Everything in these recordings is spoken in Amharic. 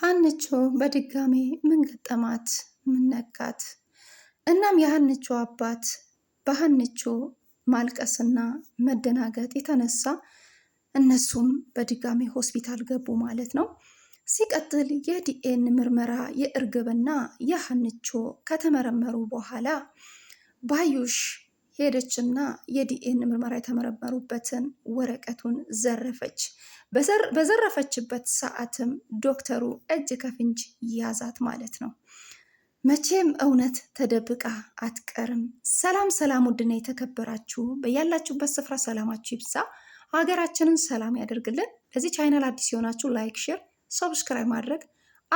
ሀንቾ በድጋሜ ምን ገጠማት? ምን ነካት? እናም የሀንቾ አባት በሀንቾ ማልቀስና መደናገጥ የተነሳ እነሱም በድጋሜ ሆስፒታል ገቡ ማለት ነው። ሲቀጥል የዲኤን ምርመራ የእርግብና የሀንቾ ከተመረመሩ በኋላ ባዩሽ ሄደችና የዲኤን ምርመራ የተመረመሩበትን ወረቀቱን ዘረፈች። በዘረፈችበት ሰዓትም ዶክተሩ እጅ ከፍንጅ ያዛት ማለት ነው። መቼም እውነት ተደብቃ አትቀርም። ሰላም ሰላም! ውድና የተከበራችሁ በያላችሁበት ስፍራ ሰላማችሁ ይብዛ፣ ሀገራችንን ሰላም ያደርግልን። ለዚህ ቻይናል አዲስ የሆናችሁ ላይክ፣ ሼር፣ ሰብስክራይብ ማድረግ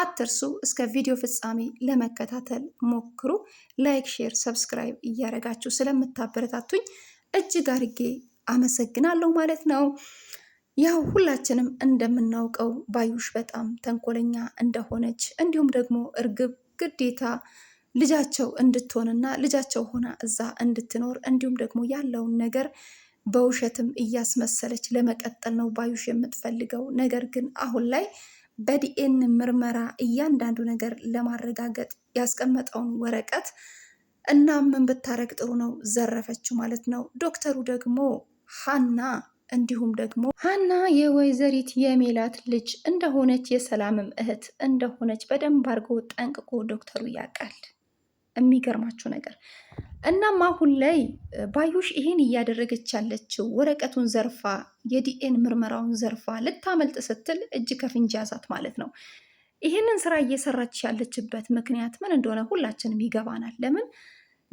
አትርሱ እስከ ቪዲዮ ፍጻሜ ለመከታተል ሞክሩ። ላይክ፣ ሼር፣ ሰብስክራይብ እያደረጋችሁ ስለምታበረታቱኝ እጅግ አድርጌ አመሰግናለሁ ማለት ነው። ያው ሁላችንም እንደምናውቀው ባዩሽ በጣም ተንኮለኛ እንደሆነች እንዲሁም ደግሞ እርግብ ግዴታ ልጃቸው እንድትሆንና ልጃቸው ሆና እዛ እንድትኖር እንዲሁም ደግሞ ያለውን ነገር በውሸትም እያስመሰለች ለመቀጠል ነው ባዩሽ የምትፈልገው ነገር ግን አሁን ላይ በዲኤን ምርመራ እያንዳንዱ ነገር ለማረጋገጥ ያስቀመጠውን ወረቀት እና ምን ብታረግ ጥሩ ነው ዘረፈችው ማለት ነው። ዶክተሩ ደግሞ ሀና እንዲሁም ደግሞ ሀና የወይዘሪት የሜላት ልጅ እንደሆነች የሰላምም እህት እንደሆነች በደንብ አድርጎ ጠንቅቆ ዶክተሩ ያውቃል። የሚገርማችሁ ነገር እናም አሁን ላይ ባዩሽ ይሄን እያደረገች ያለችው ወረቀቱን ዘርፋ የዲኤን ምርመራውን ዘርፋ ልታመልጥ ስትል እጅ ከፍንጅ ያዛት ማለት ነው። ይህንን ስራ እየሰራች ያለችበት ምክንያት ምን እንደሆነ ሁላችንም ይገባናል። ለምን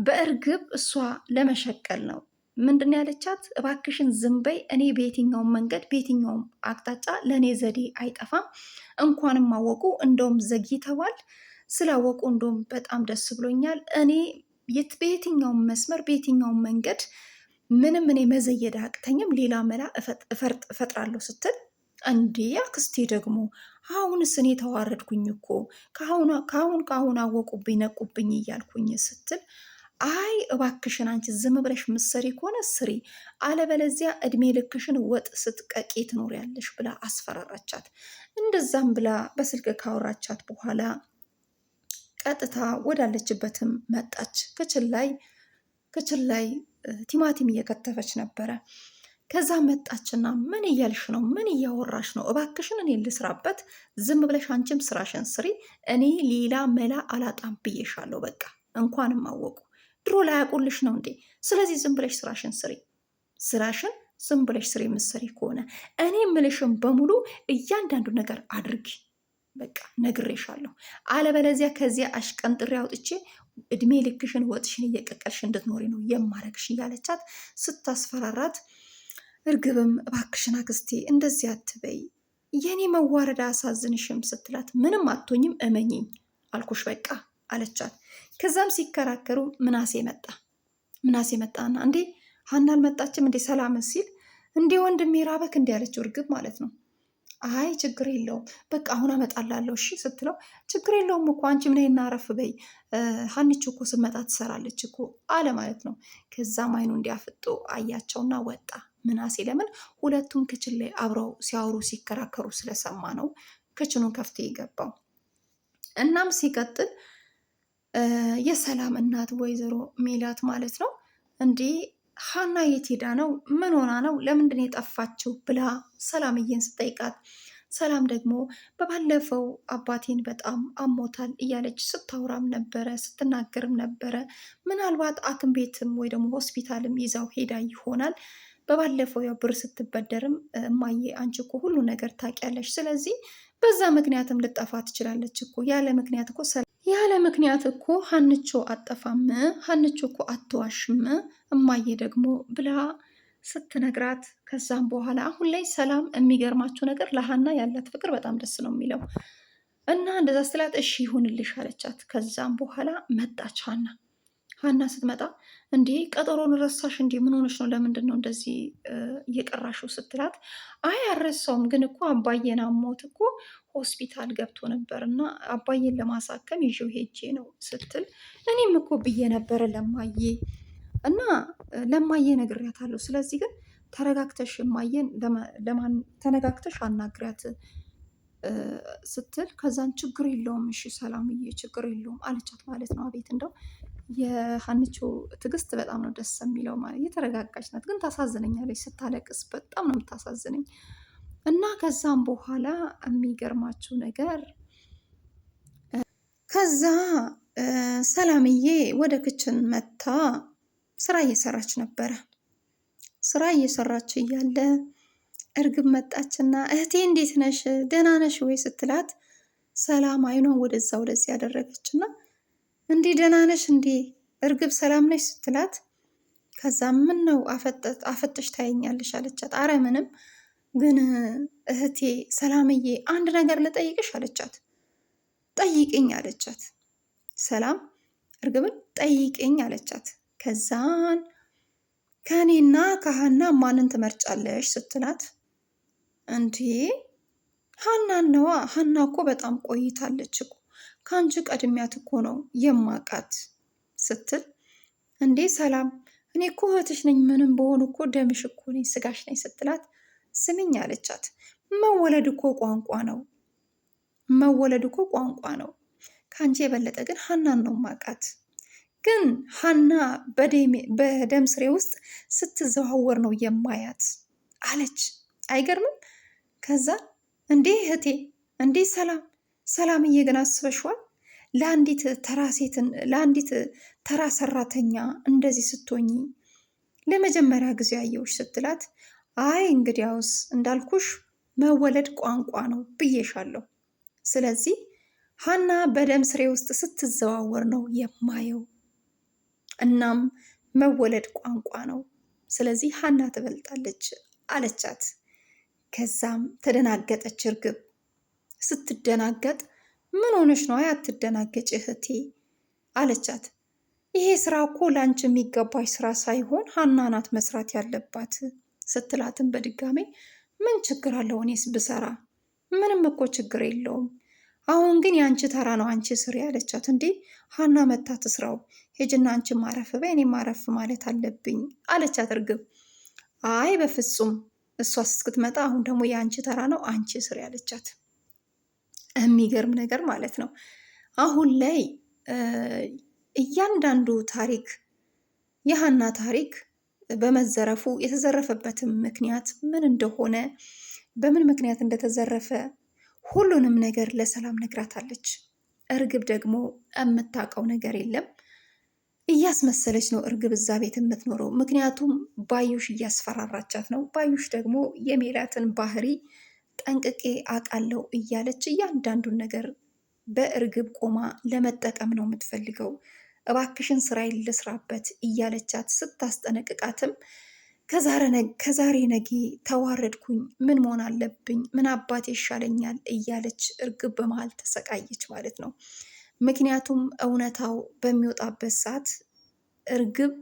በእርግብ እሷ ለመሸቀል ነው። ምንድን ያለቻት እባክሽን ዝም በይ፣ እኔ በየትኛውም መንገድ በየትኛውም አቅጣጫ ለእኔ ዘዴ አይጠፋም። እንኳንም አወቁ፣ እንደውም ዘግይተዋል ስላወቁ እንደውም በጣም ደስ ብሎኛል። እኔ በየትኛውም መስመር በየትኛውም መንገድ ምንም እኔ መዘየድ አቅተኝም፣ ሌላ መላ እፈጥራለሁ ስትል እንዴ አክስቴ ደግሞ አሁንስ እኔ ተዋረድኩኝ እኮ ከአሁን ከአሁን አወቁብኝ ነቁብኝ እያልኩኝ ስትል አይ እባክሽን አንቺ ዝም ብለሽ ምሰሪ ከሆነ ስሪ፣ አለበለዚያ እድሜ ልክሽን ወጥ ስትቀቂ ትኖሪያለሽ ብላ አስፈራራቻት። እንደዛም ብላ በስልክ ካወራቻት በኋላ ቀጥታ ወዳለችበትም መጣች። ክችል ላይ ክችል ላይ ቲማቲም እየከተፈች ነበረ። ከዛ መጣችና ምን እያልሽ ነው? ምን እያወራሽ ነው? እባክሽን እኔ ልስራበት፣ ዝም ብለሽ አንቺም ስራሽን ስሪ። እኔ ሌላ መላ አላጣም ብዬሻለሁ። በቃ እንኳንም አወቁ። ድሮ ላያውቁልሽ ነው እንዴ? ስለዚህ ዝም ብለሽ ስራሽን ስሪ። ስራሽን ዝም ብለሽ ስሪ። የምትሰሪ ከሆነ እኔ ምልሽን በሙሉ እያንዳንዱ ነገር አድርጊ። በቃ ነግሬሻለሁ። አለበለዚያ ከዚያ አሽቀንጥሬ አውጥቼ እድሜ ልክሽን ወጥሽን እየቀቀልሽ እንድትኖሪ ነው የማረግሽ እያለቻት ስታስፈራራት፣ እርግብም እባክሽን አክስቴ እንደዚህ አትበይ፣ የኔ መዋረድ አያሳዝንሽም ስትላት፣ ምንም አትሆኝም እመኝኝ አልኩሽ በቃ አለቻት። ከዛም ሲከራከሩ ምናሴ መጣ። ምናሴ መጣና እንዴ ሀና አልመጣችም እንዴ ሰላም ሲል እንዴ ወንድሜ ራበክ እንዲ ያለችው እርግብ ማለት ነው አይ ችግር የለውም በቃ አሁን አመጣላለሁ እሺ ስትለው ችግር የለውም እኮ አንቺ ምን አረፍ በይ ሀኒች እኮ ስመጣ ትሰራለች እኮ አለ ማለት ነው። ከዛም አይኑ እንዲያፍጡ አያቸውና ወጣ። ምናሴ ለምን ሁለቱም ክችን ላይ አብረው ሲያወሩ ሲከራከሩ ስለሰማ ነው ክችኑን ከፍቶ የገባው። እናም ሲቀጥል የሰላም እናት ወይዘሮ ሜላት ማለት ነው እንዲህ ሀና የት ሄዳ ነው? ምን ሆና ነው? ለምንድን የጠፋችው? ብላ ሰላምዬን ስጠይቃት ሰላም ደግሞ በባለፈው አባቴን በጣም አሞታል እያለች ስታውራም ነበረ ስትናገርም ነበረ። ምናልባት አክም ቤትም ወይ ደግሞ ሆስፒታልም ይዛው ሄዳ ይሆናል። በባለፈው ያው ብር ስትበደርም እማዬ አንቺ እኮ ሁሉ ነገር ታውቂያለሽ፣ ስለዚህ በዛ ምክንያትም ልጠፋ ትችላለች እኮ ያለ ምክንያት እኮ ያለ ምክንያት እኮ ሀንቾ አጠፋም፣ ሀንቾ እኮ አትዋሽም እማዬ ደግሞ ብላ ስትነግራት ከዛም በኋላ አሁን ላይ ሰላም የሚገርማችሁ ነገር ለሀና ያላት ፍቅር በጣም ደስ ነው የሚለው እና እንደዛ ስላት እሺ ይሁንልሽ አለቻት። ከዛም በኋላ መጣች ሀና ሀና ስትመጣ እንዲህ ቀጠሮን ረሳሽ? እንዲ ምን ሆነሽ ነው? ለምንድን ነው እንደዚህ እየቀራሽው? ስትላት አይ አልረሳውም፣ ግን እኮ አባዬን አሞት እኮ ሆስፒታል ገብቶ ነበር እና አባዬን ለማሳከም ይዤው ሄጄ ነው ስትል እኔም እኮ ብዬ ነበረ ለማዬ እና ለማዬ ነግሬያታለሁ። ስለዚህ ግን ተረጋግተሽ የማየን ለማን ተነጋግተሽ አናግሪያት ስትል ከዛን ችግር የለውም እሺ ሰላምዬ ችግር የለውም አለቻት ማለት ነው። አቤት እንደው የሀንቾ ትዕግስት በጣም ነው ደስ የሚለው። ማለት የተረጋጋች ናት፣ ግን ታሳዝነኛለች። ስታለቅስ በጣም ነው የምታሳዝነኝ። እና ከዛም በኋላ የሚገርማችሁ ነገር ከዛ ሰላምዬ ወደ ክችን መታ ስራ እየሰራች ነበረ። ስራ እየሰራች እያለ እርግብ መጣችና እህቴ እንዴት ነሽ ደህና ነሽ ወይ ስትላት ሰላም አይኗን ወደዛ ወደዚህ ያደረገችና እንዴ ደህና ነሽ እንዴ እርግብ ሰላም ነሽ ስትላት፣ ከዛ ምን ነው አፈጥሽ ታየኛለሽ አለቻት። አረ ምንም ግን እህቴ ሰላምዬ አንድ ነገር ልጠይቅሽ አለቻት። ጠይቅኝ አለቻት። ሰላም እርግብን ጠይቅኝ አለቻት። ከዛን ከእኔና ከሀና ማንን ትመርጫለሽ ስትላት፣ እንዴ ሀናን ነዋ ሀና እኮ በጣም ቆይታለች እኮ ከአንቺ ቀድሚያት እኮ ነው የማቃት ስትል እንዴ ሰላም፣ እኔ እኮ እህትሽ ነኝ። ምንም በሆኑ እኮ ደምሽ እኮ ነኝ፣ ስጋሽ ነኝ ስትላት ስምኝ አለቻት። መወለድ እኮ ቋንቋ ነው። መወለድ እኮ ቋንቋ ነው። ከአንቺ የበለጠ ግን ሀናን ነው ማቃት። ግን ሀና በደም ስሬ ውስጥ ስትዘዋወር ነው የማያት አለች። አይገርምም? ከዛ እንዴ እህቴ፣ እንዴ ሰላም ሰላምዬ ግን አስበሽዋል? ለአንዲት ተራ ሴትን ለአንዲት ተራ ሰራተኛ እንደዚህ ስትሆኝ ለመጀመሪያ ጊዜ አየሁሽ ስትላት፣ አይ እንግዲያውስ እንዳልኩሽ መወለድ ቋንቋ ነው ብዬሻለሁ። ስለዚህ ሀና በደም ስሬ ውስጥ ስትዘዋወር ነው የማየው። እናም መወለድ ቋንቋ ነው፣ ስለዚህ ሀና ትበልጣለች አለቻት። ከዛም ተደናገጠች እርግብ። ስትደናገጥ ምን ሆነሽ ነው? አትደናገጭ እህቴ አለቻት። ይሄ ስራ እኮ ለአንቺ የሚገባሽ ስራ ሳይሆን ሀና ናት መስራት ያለባት ስትላትን በድጋሜ ምን ችግር አለው እኔስ ብሰራ? ምንም እኮ ችግር የለውም። አሁን ግን የአንቺ ተራ ነው፣ አንቺ ስሪ ያለቻት። እንዴ ሀና መታት ስራው ሄጅና አንቺ ማረፍ በይ፣ እኔ ማረፍ ማለት አለብኝ አለቻት እርግብ። አይ በፍጹም እሷ እስክትመጣ አሁን ደግሞ የአንቺ ተራ ነው፣ አንቺ ስሪ ያለቻት። የሚገርም ነገር ማለት ነው። አሁን ላይ እያንዳንዱ ታሪክ የሀና ታሪክ በመዘረፉ የተዘረፈበትም ምክንያት ምን እንደሆነ በምን ምክንያት እንደተዘረፈ ሁሉንም ነገር ለሰላም ነግራታለች። እርግብ ደግሞ የምታውቀው ነገር የለም። እያስመሰለች ነው እርግብ እዛ ቤት የምትኖረው። ምክንያቱም ባዩሽ እያስፈራራቻት ነው። ባዩሽ ደግሞ የሜላትን ባህሪ ጠንቅቄ አውቃለሁ እያለች እያንዳንዱን ነገር በእርግብ ቆማ ለመጠቀም ነው የምትፈልገው። እባክሽን ስራዬን ልስራበት እያለቻት ስታስጠነቅቃትም ከዛሬ ነገ ተዋረድኩኝ፣ ምን መሆን አለብኝ፣ ምን አባቴ ይሻለኛል እያለች እርግብ በመሃል ተሰቃየች ማለት ነው። ምክንያቱም እውነታው በሚወጣበት ሰዓት እርግብ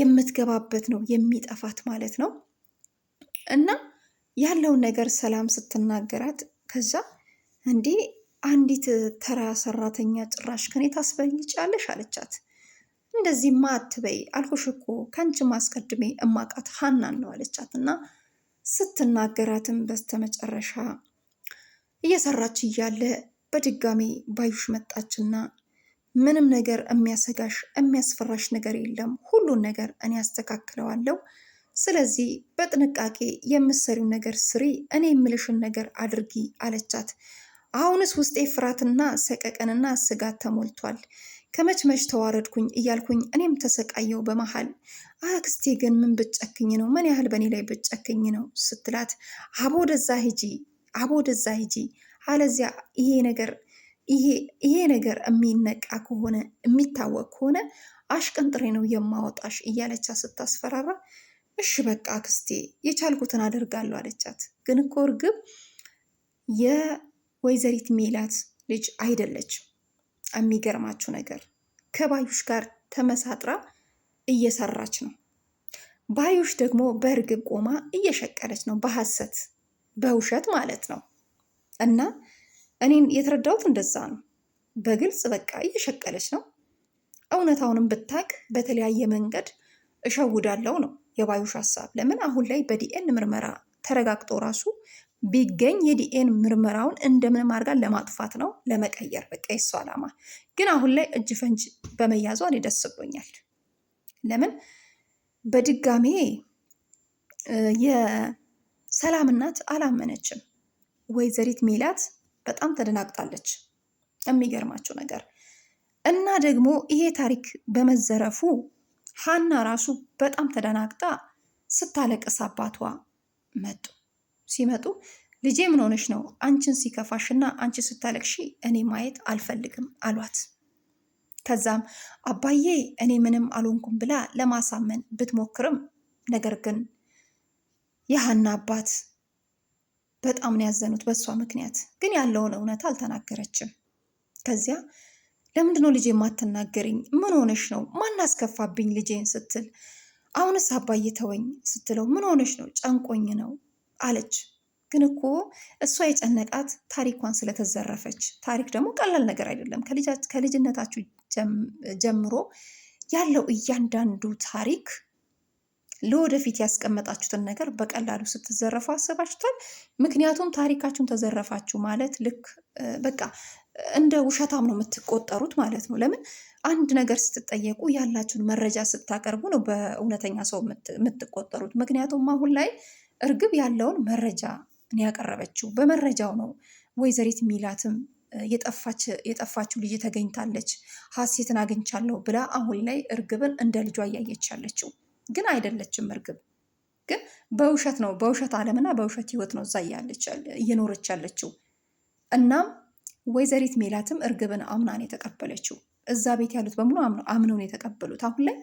የምትገባበት ነው የሚጠፋት ማለት ነው እና ያለውን ነገር ሰላም ስትናገራት ከዛ እንዴ አንዲት ተራ ሰራተኛ ጭራሽ ከኔ ታስበልጫለሽ አለቻት። እንደዚህማ አትበይ አልኩሽ እኮ ከአንቺም ማስቀድሜ እማቃት ሀናን ነው አለቻት። እና ስትናገራትም በስተመጨረሻ እየሰራች እያለ በድጋሚ ባዩሽ መጣችና ምንም ነገር የሚያሰጋሽ የሚያስፈራሽ ነገር የለም፣ ሁሉን ነገር እኔ አስተካክለዋለሁ ስለዚህ በጥንቃቄ የምትሰሪው ነገር ስሪ፣ እኔ የምልሽን ነገር አድርጊ አለቻት። አሁንስ ውስጤ ፍርሃትና ሰቀቀንና ስጋት ተሞልቷል። ከመችመች ተዋረድኩኝ እያልኩኝ እኔም ተሰቃየው በመሃል አክስቴ ግን ምን ብጨክኝ ነው? ምን ያህል በእኔ ላይ ብጨክኝ ነው ስትላት፣ አቦ ወደዛ ሂጂ፣ አቦ ወደዛ ሂጂ፣ አለዚያ ይሄ ነገር ይሄ ነገር የሚነቃ ከሆነ የሚታወቅ ከሆነ አሽቀንጥሬ ነው የማወጣሽ እያለቻ ስታስፈራራ እሺ በቃ ክስቴ የቻልኩትን አደርጋለሁ አለቻት። ግን እኮ እርግብ የወይዘሪት ሜላት ልጅ አይደለችም። የሚገርማችሁ ነገር ከባዩሽ ጋር ተመሳጥራ እየሰራች ነው። ባዩሽ ደግሞ በእርግብ ቆማ እየሸቀለች ነው፣ በሐሰት በውሸት ማለት ነው። እና እኔን የተረዳሁት እንደዛ ነው። በግልጽ በቃ እየሸቀለች ነው። እውነታውንም ብታቅ በተለያየ መንገድ እሸውዳለው ነው የባዩሽ ሀሳብ ለምን አሁን ላይ በዲኤን ምርመራ ተረጋግጦ ራሱ ቢገኝ የዲኤን ምርመራውን እንደምንም አድርጋ ለማጥፋት ነው ለመቀየር በቃ የሱ ዓላማ። ግን አሁን ላይ እጅ ፈንጅ በመያዟ እኔ ደስ ብሎኛል። ለምን በድጋሜ የሰላም እናት አላመነችም። ወይዘሪት ሜላት በጣም ተደናግጣለች። የሚገርማችሁ ነገር እና ደግሞ ይሄ ታሪክ በመዘረፉ ሀና ራሱ በጣም ተደናግጣ ስታለቅስ አባቷ መጡ። ሲመጡ ልጄ ምን ሆነሽ ነው? አንቺን ሲከፋሽ እና አንቺ ስታለቅሺ እኔ ማየት አልፈልግም አሏት። ከዛም አባዬ እኔ ምንም አልሆንኩም ብላ ለማሳመን ብትሞክርም ነገር ግን የሀና አባት በጣም ነው ያዘኑት በእሷ ምክንያት። ግን ያለውን እውነታ አልተናገረችም። ከዚያ ለምንድነው ልጄ የማትናገርኝ? ምን ሆነሽ ነው? ማን አስከፋብኝ ልጄን ስትል አሁንስ አባዬ ተወኝ ስትለው ምን ሆነሽ ነው? ጨንቆኝ ነው አለች። ግን እኮ እሷ የጨነቃት ታሪኳን ስለተዘረፈች። ታሪክ ደግሞ ቀላል ነገር አይደለም። ከልጅነታችሁ ጀምሮ ያለው እያንዳንዱ ታሪክ ለወደፊት ያስቀመጣችሁትን ነገር በቀላሉ ስትዘረፉ አስባችሁታል። ምክንያቱም ታሪካችሁን ተዘረፋችሁ ማለት ልክ በቃ እንደ ውሸታም ነው የምትቆጠሩት ማለት ነው። ለምን አንድ ነገር ስትጠየቁ ያላችሁን መረጃ ስታቀርቡ ነው በእውነተኛ ሰው የምትቆጠሩት። ምክንያቱም አሁን ላይ እርግብ ያለውን መረጃ ያቀረበችው በመረጃው ነው። ወይዘሪት ሚላትም የጠፋችው ልጅ ተገኝታለች፣ ሀሴትን አግኝቻለሁ ብላ አሁን ላይ እርግብን እንደ ልጇ እያየች ያለችው ግን አይደለችም። እርግብ ግን በውሸት ነው በውሸት ዓለምና በውሸት ህይወት ነው እዛ እየኖረች ያለችው እናም ወይዘሪት ሜላትም እርግብን አምናን የተቀበለችው እዛ ቤት ያሉት በሙሉ አምነውን የተቀበሉት አሁን ላይ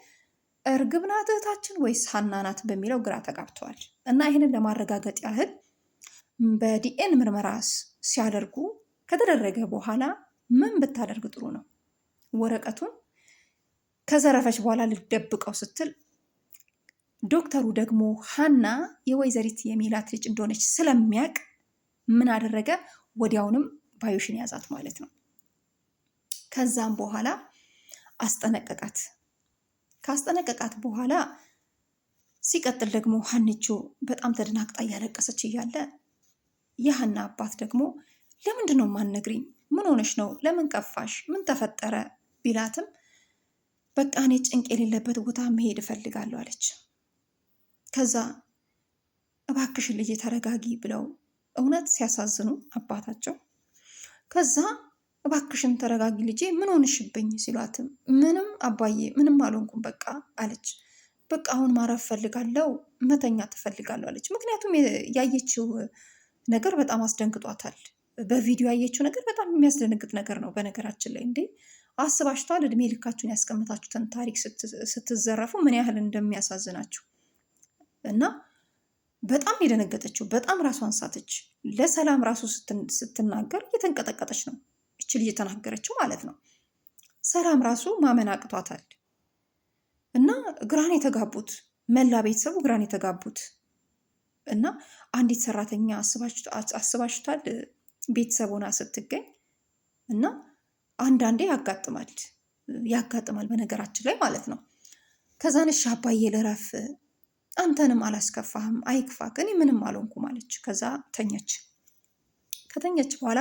እርግብ ናት እህታችን ወይስ ሀና ናት በሚለው ግራ ተጋብተዋል። እና ይህንን ለማረጋገጥ ያህል በዲኤን ምርመራ ሲያደርጉ ከተደረገ በኋላ ምን ብታደርግ ጥሩ ነው? ወረቀቱን ከዘረፈች በኋላ ልደብቀው ስትል ዶክተሩ ደግሞ ሀና የወይዘሪት የሜላት ልጅ እንደሆነች ስለሚያውቅ ምን አደረገ? ወዲያውንም ባዩሽን ያዛት ማለት ነው። ከዛም በኋላ አስጠነቀቃት። ካስጠነቀቃት በኋላ ሲቀጥል ደግሞ ሀንቾ በጣም ተደናግጣ እያለቀሰች እያለ የሀና አባት ደግሞ ለምንድን ነው የማትነግሪኝ? ምን ሆነሽ ነው? ለምን ቀፋሽ? ምን ተፈጠረ? ቢላትም በቃ እኔ ጭንቅ የሌለበት ቦታ መሄድ እፈልጋለሁ አለች። ከዛ እባክሽን ተረጋጊ ብለው እውነት ሲያሳዝኑ አባታቸው ከዛ እባክሽን ተረጋጊ ልጄ ምን ሆንሽብኝ ሲሏትም ምንም አባዬ ምንም አልሆንኩም በቃ አለች። በቃ አሁን ማረፍ ፈልጋለው መተኛ ትፈልጋለሁ አለች። ምክንያቱም ያየችው ነገር በጣም አስደንግጧታል። በቪዲዮ ያየችው ነገር በጣም የሚያስደነግጥ ነገር ነው። በነገራችን ላይ እንዴ አስባችኋል? እድሜ ልካችሁን ያስቀምጣችሁትን ታሪክ ስትዘረፉ ምን ያህል እንደሚያሳዝናችሁ እና በጣም የደነገጠችው በጣም ራሷን ሳተች። ለሰላም ራሱ ስትናገር እየተንቀጠቀጠች ነው እችል እየተናገረችው ማለት ነው። ሰላም ራሱ ማመን አቅቷታል። እና ግራን የተጋቡት መላ ቤተሰቡ ግራን የተጋቡት እና አንዲት ሰራተኛ አስባችሁታል? ቤተሰቡና ስትገኝ እና አንዳንዴ ያጋጥማል ያጋጥማል በነገራችን ላይ ማለት ነው። ከዛን እሺ አባዬ ልረፍ አንተንም አላስከፋህም አይክፋ ግን ምንም አልሆንኩም አለች። ከዛ ተኛች። ከተኛች በኋላ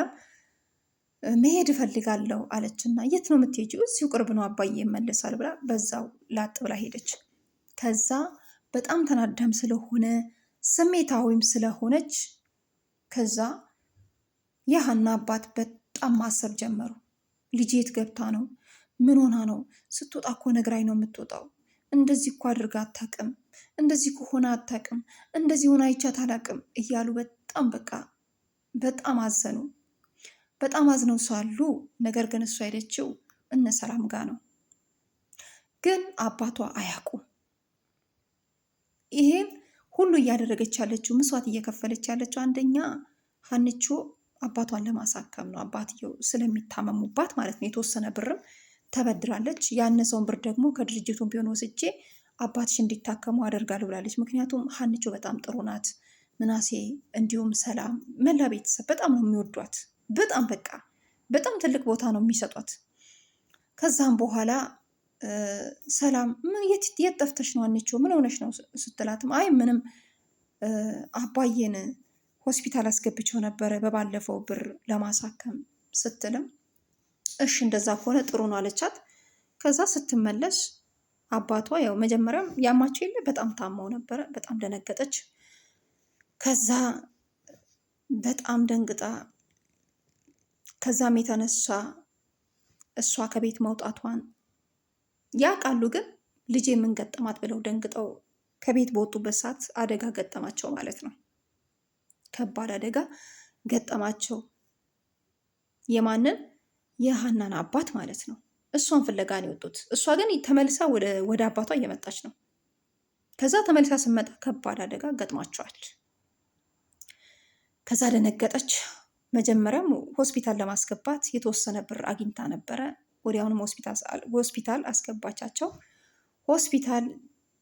መሄድ እፈልጋለሁ አለችና የት ነው የምትሄጂው? እዚሁ ቅርብ ነው አባዬ ይመለሳል ብላ በዛው ላጥ ብላ ሄደች። ከዛ በጣም ተናዳም ስለሆነ ስሜታዊም ስለሆነች ከዛ የሀና አባት በጣም ማሰብ ጀመሩ። ልጅየት የት ገብታ ነው? ምን ሆና ነው? ስትወጣ እኮ ነግራኝ ነው የምትወጣው እንደዚህ እኮ አድርጋ አታውቅም፣ እንደዚህ ከሆነ አታውቅም፣ እንደዚህ ሆና አይቻት አላውቅም እያሉ በጣም በቃ በጣም አዘኑ። በጣም አዝነው ሳሉ ነገር ግን እሱ አይደችው እነ ሰላም ጋ ነው። ግን አባቷ አያውቁም ይሄን ሁሉ እያደረገች ያለችው ምስዋት እየከፈለች ያለችው አንደኛ ሀንቾ አባቷን ለማሳከም ነው። አባትየው ስለሚታመሙባት ማለት ነው። የተወሰነ ብርም ተበድራለች። ያነሰውን ብር ደግሞ ከድርጅቱን ቢሆን ወስጄ አባትሽ እንዲታከሙ አደርጋለሁ ብላለች። ምክንያቱም ሀንቾ በጣም ጥሩ ናት። ምናሴ እንዲሁም ሰላም፣ መላ ቤተሰብ በጣም ነው የሚወዷት። በጣም በቃ በጣም ትልቅ ቦታ ነው የሚሰጧት። ከዛም በኋላ ሰላም የት ጠፍተሽ ነው ሀንቾ ምን ሆነሽ ነው ስትላትም አይ ምንም አባዬን ሆስፒታል አስገብቸው ነበረ በባለፈው ብር ለማሳከም ስትልም እሺ እንደዛ ከሆነ ጥሩ ነው አለቻት። ከዛ ስትመለስ አባቷ ያው መጀመሪያም ያማቸው የለ በጣም ታመው ነበረ። በጣም ደነገጠች። ከዛ በጣም ደንግጣ ከዛም የተነሳ እሷ ከቤት መውጣቷን ያውቃሉ፣ ግን ልጄ ምን ገጠማት ብለው ደንግጠው ከቤት በወጡበት ሰዓት አደጋ ገጠማቸው ማለት ነው። ከባድ አደጋ ገጠማቸው። የማንን የሀናን አባት ማለት ነው። እሷን ፍለጋ ነው የወጡት። እሷ ግን ተመልሳ ወደ አባቷ እየመጣች ነው። ከዛ ተመልሳ ስመጣ ከባድ አደጋ ገጥሟቸዋል። ከዛ ደነገጠች። መጀመሪያም ሆስፒታል ለማስገባት የተወሰነ ብር አግኝታ ነበረ። ወዲያውንም ሆስፒታል አስገባቻቸው። ሆስፒታል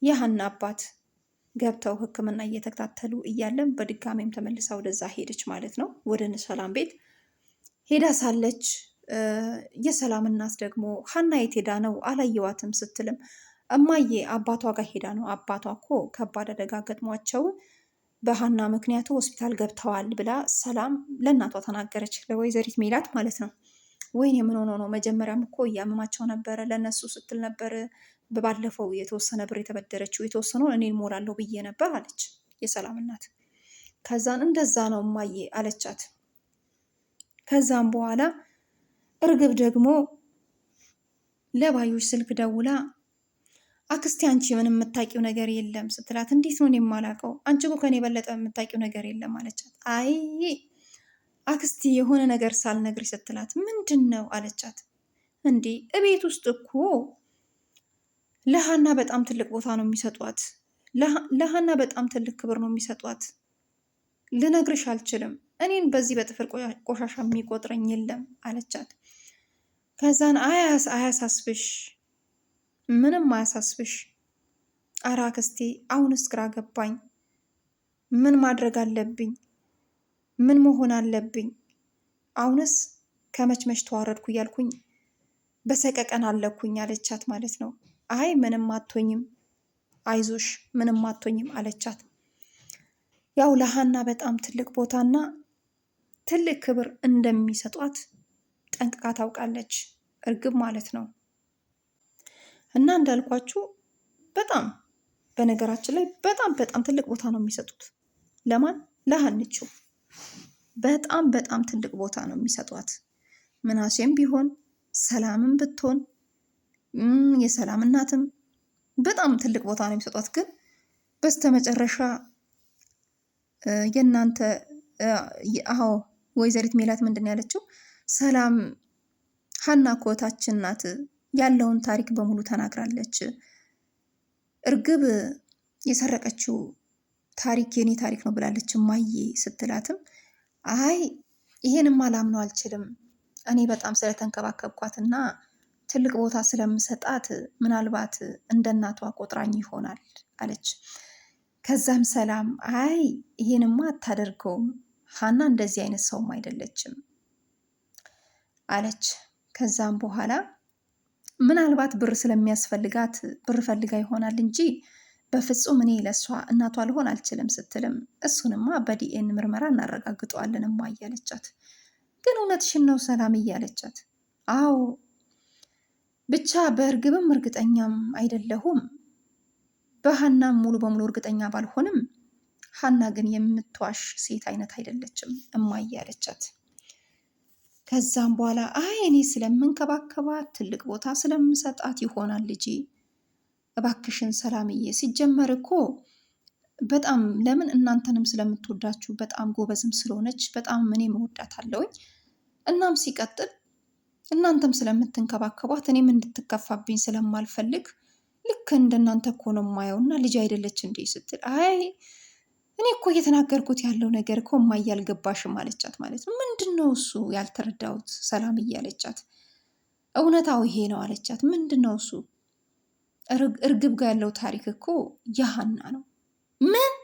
የሀና አባት ገብተው ሕክምና እየተከታተሉ እያለን በድጋሚም ተመልሳ ወደዛ ሄደች ማለት ነው፣ ወደ ሰላም ቤት ሄዳ ሳለች የሰላም እናት ደግሞ ሀና የት ሄዳ ነው አላየዋትም ስትልም እማዬ አባቷ ጋር ሄዳ ነው አባቷ እኮ ከባድ አደጋ ገጥሟቸው በሀና ምክንያቱ ሆስፒታል ገብተዋል ብላ ሰላም ለእናቷ ተናገረች። ለወይዘሪት ሜላት ማለት ነው። ወይኔ ምን ሆኖ ነው? መጀመሪያም እኮ እያመማቸው ነበረ ለእነሱ ስትል ነበር። ባለፈው የተወሰነ ብር የተበደረችው የተወሰነውን እኔን ሞላለሁ ብዬ ነበር አለች የሰላም እናት። ከዛን እንደዛ ነው እማዬ አለቻት። ከዛም በኋላ እርግብ ደግሞ ለባዩሽ ስልክ ደውላ አክስቲ አንቺ ምን የምታውቂው ነገር የለም ስትላት፣ እንዴት ነው የማላውቀው? አንቺ እኮ ከኔ የበለጠ የምታውቂው ነገር የለም አለቻት። አይ አክስቴ የሆነ ነገር ሳልነግርሽ ስትላት፣ ምንድን ነው አለቻት። እንዴ እቤት ውስጥ እኮ ለሀና በጣም ትልቅ ቦታ ነው የሚሰጧት። ለሀና በጣም ትልቅ ክብር ነው የሚሰጧት። ልነግርሽ አልችልም። እኔን በዚህ በጥፍር ቆሻሻ የሚቆጥረኝ የለም አለቻት። ከዛን አያስ አያሳስብሽ ምንም አያሳስብሽ። አረ አክስቴ አሁንስ ግራ ገባኝ። ምን ማድረግ አለብኝ? ምን መሆን አለብኝ? አሁንስ ከመችመች ተዋረድኩ እያልኩኝ በሰቀቀን አለኩኝ አለቻት ማለት ነው። አይ ምንም አትሆኝም፣ አይዞሽ ምንም አትሆኝም አለቻት። ያው ለሀና በጣም ትልቅ ቦታና ትልቅ ክብር እንደሚሰጧት ጠንቅቃ ታውቃለች፣ እርግብ ማለት ነው። እና እንዳልኳችሁ በጣም በነገራችን ላይ በጣም በጣም ትልቅ ቦታ ነው የሚሰጡት። ለማን ለሀንችው በጣም በጣም ትልቅ ቦታ ነው የሚሰጧት። ምናሴም ቢሆን ሰላምም ብትሆን የሰላም እናትም በጣም ትልቅ ቦታ ነው የሚሰጧት። ግን በስተመጨረሻ የእናንተ አዎ ወይዘሪት ሜላት ምንድን ያለችው ሰላም ሀና ኮታችን ናት ያለውን ታሪክ በሙሉ ተናግራለች። እርግብ የሰረቀችው ታሪክ የኔ ታሪክ ነው ብላለች እማዬ ስትላትም አይ ይሄንም አላምነው አልችልም እኔ በጣም ስለተንከባከብኳትና ትልቅ ቦታ ስለምሰጣት ምናልባት እንደ እናቷ ቆጥራኝ ይሆናል አለች። ከዛም ሰላም አይ ይሄንማ አታደርገውም ሀና እንደዚህ አይነት ሰውም አይደለችም አለች። ከዛም በኋላ ምናልባት ብር ስለሚያስፈልጋት ብር ፈልጋ ይሆናል እንጂ በፍጹም እኔ ለእሷ እናቷ ልሆን አልችልም ስትልም እሱንማ በዲኤን ምርመራ እማ እያለቻት ግን እውነትሽን ነው ሰላም እያለቻት አዎ ብቻ በእርግብም እርግጠኛም አይደለሁም በሀናም ሙሉ በሙሉ እርግጠኛ ባልሆንም ሀና ግን የምትዋሽ ሴት አይነት አይደለችም እማ እያለቻት ከዛም በኋላ አይ እኔ ስለምንከባከባት ትልቅ ቦታ ስለምሰጣት ይሆናል ልጂ እባክሽን ሰላምዬ ሲጀመር እኮ በጣም ለምን እናንተንም ስለምትወዳችሁ በጣም ጎበዝም ስለሆነች በጣም እኔ አለውኝ እናም ሲቀጥል እናንተም ስለምትንከባከቧት እኔም እንድትከፋብኝ ስለማልፈልግ ልክ እንደናንተ እኮ ነው የማየውና ልጅ አይደለች እንዴ ስትል አይ እኔ እኮ እየተናገርኩት ያለው ነገር እኮ እማዬ አልገባሽም አለቻት። ማለት ነው ምንድን ነው እሱ ያልተረዳሁት ሰላም እያለቻት እውነታው ይሄ ነው አለቻት። ምንድን ነው እሱ እርግብ ጋር ያለው ታሪክ እኮ ያሀና ነው። ምን?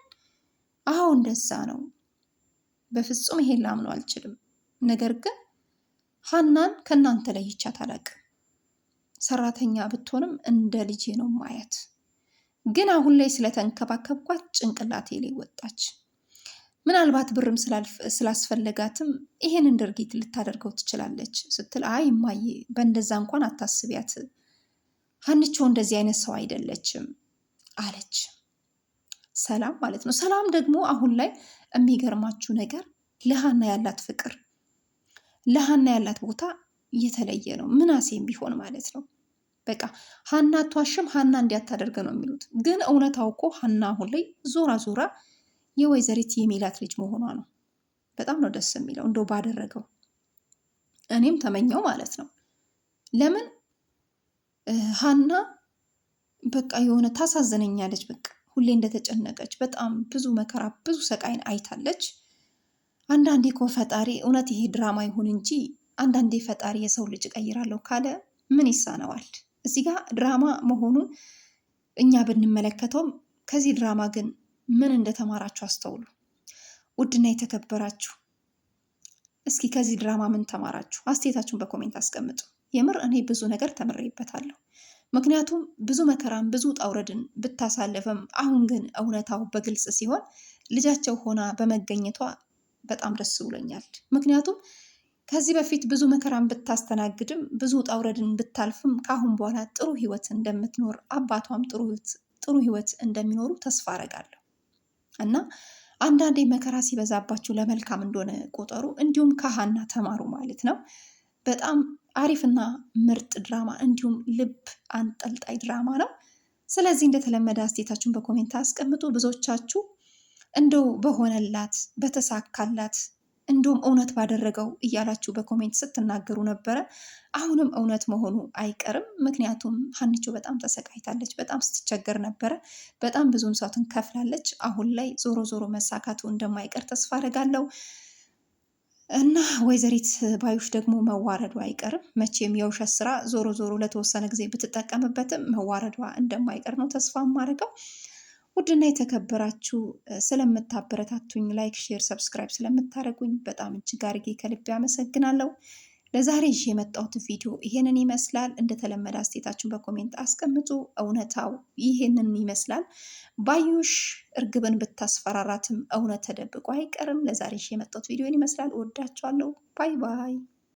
አዎ እንደዛ ነው። በፍጹም ይሄን ላምነው አልችልም። ነገር ግን ሀናን ከእናንተ ለይቻት አላቅም። ሰራተኛ ብትሆንም እንደ ልጄ ነው ማያት። ግን አሁን ላይ ስለተንከባከብኳት ጭንቅላቴ ላይ ወጣች። ምናልባት ብርም ስላስፈለጋትም ይሄንን ድርጊት ልታደርገው ትችላለች ስትል አይ እማዬ፣ በእንደዛ እንኳን አታስቢያት፣ ሀንቾ እንደዚህ አይነት ሰው አይደለችም አለች። ሰላም ማለት ነው። ሰላም ደግሞ አሁን ላይ የሚገርማችሁ ነገር ለሀና ያላት ፍቅር፣ ለሀና ያላት ቦታ እየተለየ ነው። ምናሴም ቢሆን ማለት ነው በቃ ሀና አትዋሽም፣ ሀና እንዲያታደርገ ነው የሚሉት። ግን እውነታው እኮ ሀና አሁን ላይ ዞራ ዞራ የወይዘሪት የሚላት ልጅ መሆኗ ነው። በጣም ነው ደስ የሚለው እንደው ባደረገው እኔም ተመኘው ማለት ነው። ለምን ሀና በቃ የሆነ ታሳዝነኛለች። በቃ ሁሌ እንደተጨነቀች በጣም ብዙ መከራ ብዙ ሰቃይን አይታለች። አንዳንዴ እኮ ፈጣሪ እውነት ይሄ ድራማ ይሁን እንጂ አንዳንዴ ፈጣሪ የሰው ልጅ እቀይራለሁ ካለ ምን ይሳነዋል? እዚህ ጋ ድራማ መሆኑን እኛ ብንመለከተውም ከዚህ ድራማ ግን ምን እንደተማራችሁ አስተውሉ። ውድና የተከበራችሁ እስኪ ከዚህ ድራማ ምን ተማራችሁ? አስተያየታችሁን በኮሜንት አስቀምጡ። የምር እኔ ብዙ ነገር ተምሬበታለሁ። ምክንያቱም ብዙ መከራን ብዙ ጣውረድን ብታሳልፍም አሁን ግን እውነታው በግልጽ ሲሆን ልጃቸው ሆና በመገኘቷ በጣም ደስ ብሎኛል። ምክንያቱም ከዚህ በፊት ብዙ መከራን ብታስተናግድም ብዙ ጣውረድን ብታልፍም ከአሁን በኋላ ጥሩ ህይወት እንደምትኖር አባቷም ጥሩ ህይወት እንደሚኖሩ ተስፋ አረጋለሁ እና አንዳንዴ መከራ ሲበዛባችሁ ለመልካም እንደሆነ ቆጠሩ። እንዲሁም ከሀና ተማሩ ማለት ነው። በጣም አሪፍና ምርጥ ድራማ እንዲሁም ልብ አንጠልጣይ ድራማ ነው። ስለዚህ እንደተለመደ አስቴታችሁን በኮሜንት አስቀምጡ። ብዙዎቻችሁ እንደው በሆነላት በተሳካላት እንዲሁም እውነት ባደረገው እያላችሁ በኮሜንት ስትናገሩ ነበረ። አሁንም እውነት መሆኑ አይቀርም። ምክንያቱም ሀንቾ በጣም ተሰቃይታለች፣ በጣም ስትቸገር ነበረ፣ በጣም ብዙ መስዋዕትን ከፍላለች። አሁን ላይ ዞሮ ዞሮ መሳካቱ እንደማይቀር ተስፋ አደርጋለሁ እና ወይዘሪት ባዩሽ ደግሞ መዋረዷ አይቀርም። መቼም የውሸት ስራ ዞሮ ዞሮ ለተወሰነ ጊዜ ብትጠቀምበትም መዋረዷ እንደማይቀር ነው ተስፋ የማደርገው። ውድና የተከበራችሁ ስለምታበረታቱኝ ላይክ፣ ሼር፣ ሰብስክራይብ ስለምታደርጉኝ በጣም እጅግ አድርጌ ከልቤ አመሰግናለሁ። ለዛሬ ይዤ የመጣሁት ቪዲዮ ይሄንን ይመስላል። እንደተለመደ አስተያየታችሁን በኮሜንት አስቀምጡ። እውነታው ይሄንን ይመስላል። ባዩሽ እርግብን ብታስፈራራትም እውነት ተደብቆ አይቀርም። ለዛሬ ይዤ የመጣሁት ቪዲዮን ይመስላል። ወዳችኋለሁ። ባይ ባይ